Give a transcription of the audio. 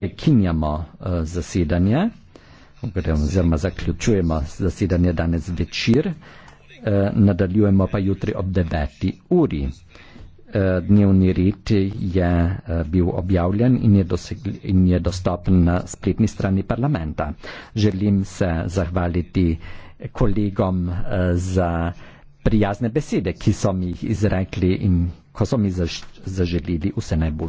prekinjamo uh, eh, zasedanje, oziroma zaključujemo zasedanje danes večer, uh, nadaljujemo pa jutri ob 9. uri. Eh, dnevni red je bil objavljen in je, dosegl, in je dostopen na spletni strani parlamenta. Želim se zahvaliti kolegom za prijazne besede, ki so mi jih izrekli in ko so mi zaželili vse najbolj.